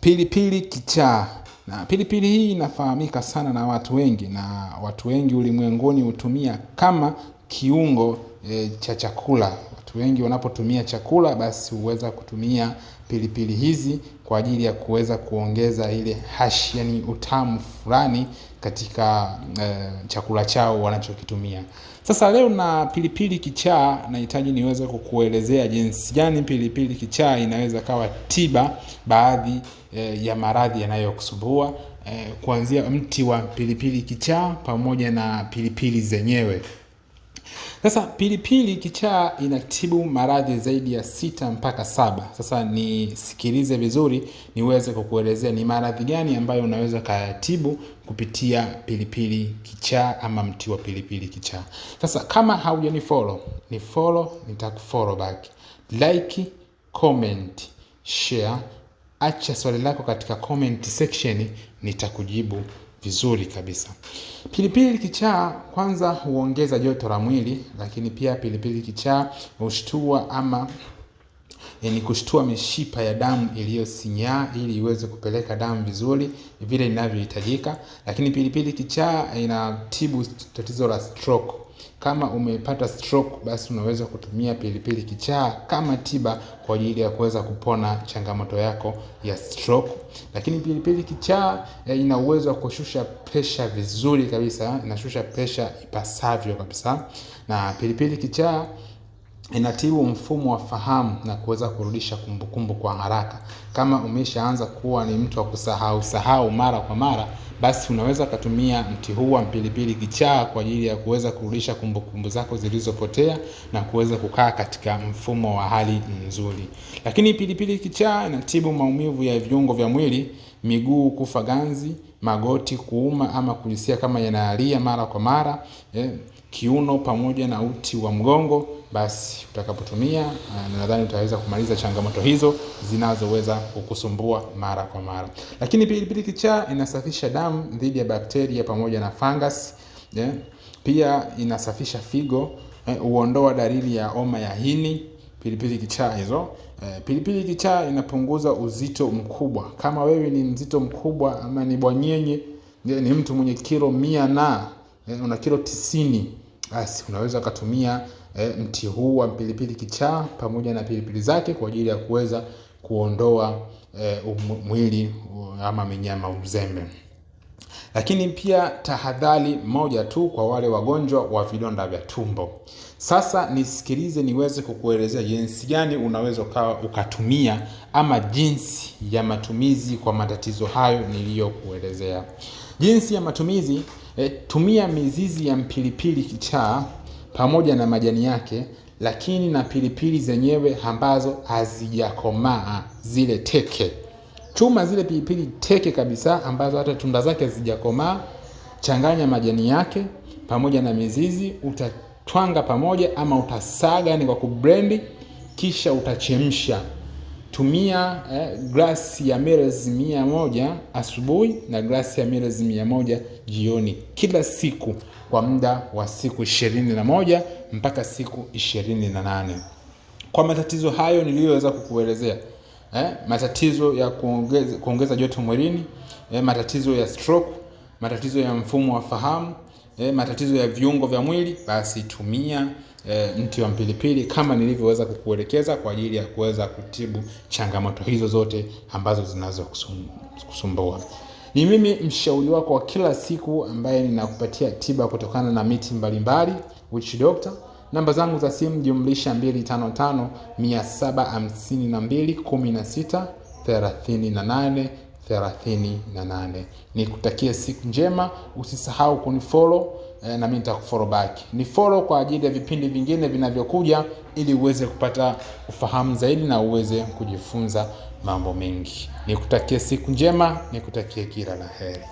Pilipili kichaa. Na pilipili hii inafahamika sana na watu wengi na watu wengi ulimwenguni hutumia kama kiungo e, cha chakula. Watu wengi wanapotumia chakula, basi huweza kutumia pilipili hizi kwa ajili ya kuweza kuongeza ile hash, yani utamu fulani katika e, chakula chao wanachokitumia. Sasa leo na pilipili kichaa, nahitaji niweze kukuelezea jinsi gani pilipili kichaa inaweza kawa tiba baadhi e, ya maradhi yanayokusumbua e, kuanzia mti wa pilipili kichaa pamoja na pilipili zenyewe. Sasa pilipili kichaa inatibu maradhi zaidi ya sita mpaka saba. Sasa nisikilize vizuri, niweze kukuelezea ni maradhi gani ambayo unaweza kayatibu kupitia pilipili kichaa ama mti wa pilipili kichaa. Sasa kama haujanifollow, ni follow, nitakufollow back, like, comment, share, acha swali lako katika comment section, nitakujibu vizuri kabisa. Pilipili kichaa kwanza huongeza joto la mwili, lakini pia pilipili kichaa hushtua ama eh, ni kushtua mishipa ya damu iliyosinyaa ili iweze kupeleka damu vizuri vile inavyohitajika. Lakini pilipili kichaa inatibu tatizo la stroke. Kama umepata stroke, basi unaweza kutumia pilipili kichaa kama tiba kwa ajili ya kuweza kupona changamoto yako ya stroke. Lakini pilipili kichaa e, ina uwezo wa kushusha presha vizuri kabisa, inashusha presha ipasavyo kabisa, na pilipili kichaa inatibu mfumo wa fahamu na kuweza kurudisha kumbukumbu kwa haraka. Kama umeshaanza kuwa ni mtu wa kusahau sahau mara kwa mara, basi unaweza ukatumia mti huu wa mpilipili kichaa kwa ajili ya kuweza kurudisha kumbukumbu zako zilizopotea na kuweza kukaa katika mfumo wa hali nzuri. Lakini pilipili kichaa inatibu maumivu ya viungo vya mwili, miguu kufa ganzi magoti kuuma ama kujisikia kama yanaalia mara kwa mara eh, kiuno pamoja na uti wa mgongo, basi utakapotumia eh, nadhani utaweza kumaliza changamoto hizo zinazoweza kukusumbua mara kwa mara. Lakini pilipili kichaa inasafisha damu dhidi ya bakteria pamoja na fungus eh, pia inasafisha figo eh, huondoa dalili ya homa ya ini pilipili kichaa hizo. Eh, pilipili kichaa inapunguza uzito mkubwa. Kama wewe ni mzito mkubwa ama ni bwanyenye, ni mtu mwenye kilo mia na eh, una kilo tisini, basi unaweza kutumia eh, mti huu wa pilipili kichaa pamoja na pilipili zake kwa ajili ya kuweza kuondoa eh, mwili ama minyama uzembe. Lakini pia tahadhari moja tu kwa wale wagonjwa wa vidonda vya tumbo. Sasa nisikilize niweze kukuelezea jinsi gani unaweza ukawa ukatumia ama jinsi ya matumizi kwa matatizo hayo niliyokuelezea. Jinsi ya matumizi eh, tumia mizizi ya mpilipili kichaa pamoja na majani yake, lakini na pilipili zenyewe ambazo hazijakomaa zile teke Chuma zile pilipili teke kabisa ambazo hata tunda zake hazijakomaa, changanya majani yake pamoja na mizizi, utatwanga pamoja ama utasaga, yani kwa kubrendi, kisha utachemsha. Tumia eh, glasi ya mililita mia moja asubuhi na glasi ya mililita mia moja jioni kila siku kwa muda wa siku ishirini na moja mpaka siku ishirini na nane. Kwa matatizo hayo niliyoweza kukuelezea eh, matatizo ya kuongeza, kuongeza joto mwilini eh, matatizo ya stroke, matatizo ya mfumo wa fahamu eh, matatizo ya viungo vya mwili, basi tumia eh, mti wa mpilipili kama nilivyoweza kukuelekeza kwa ajili ya kuweza kutibu changamoto hizo zote ambazo zinazokusumbua. Ni mimi mshauri wako wa kila siku ambaye ninakupatia tiba kutokana na miti mbalimbali, Witch Doctor. Namba zangu za simu jumlisha 255752163838. Nikutakie siku njema, usisahau kunifollow eh, na mimi nitakufollow back. Ni follow kwa ajili ya vipindi vingine vinavyokuja, ili uweze kupata ufahamu zaidi na uweze kujifunza mambo mengi. Nikutakie siku njema, nikutakie kila la heri.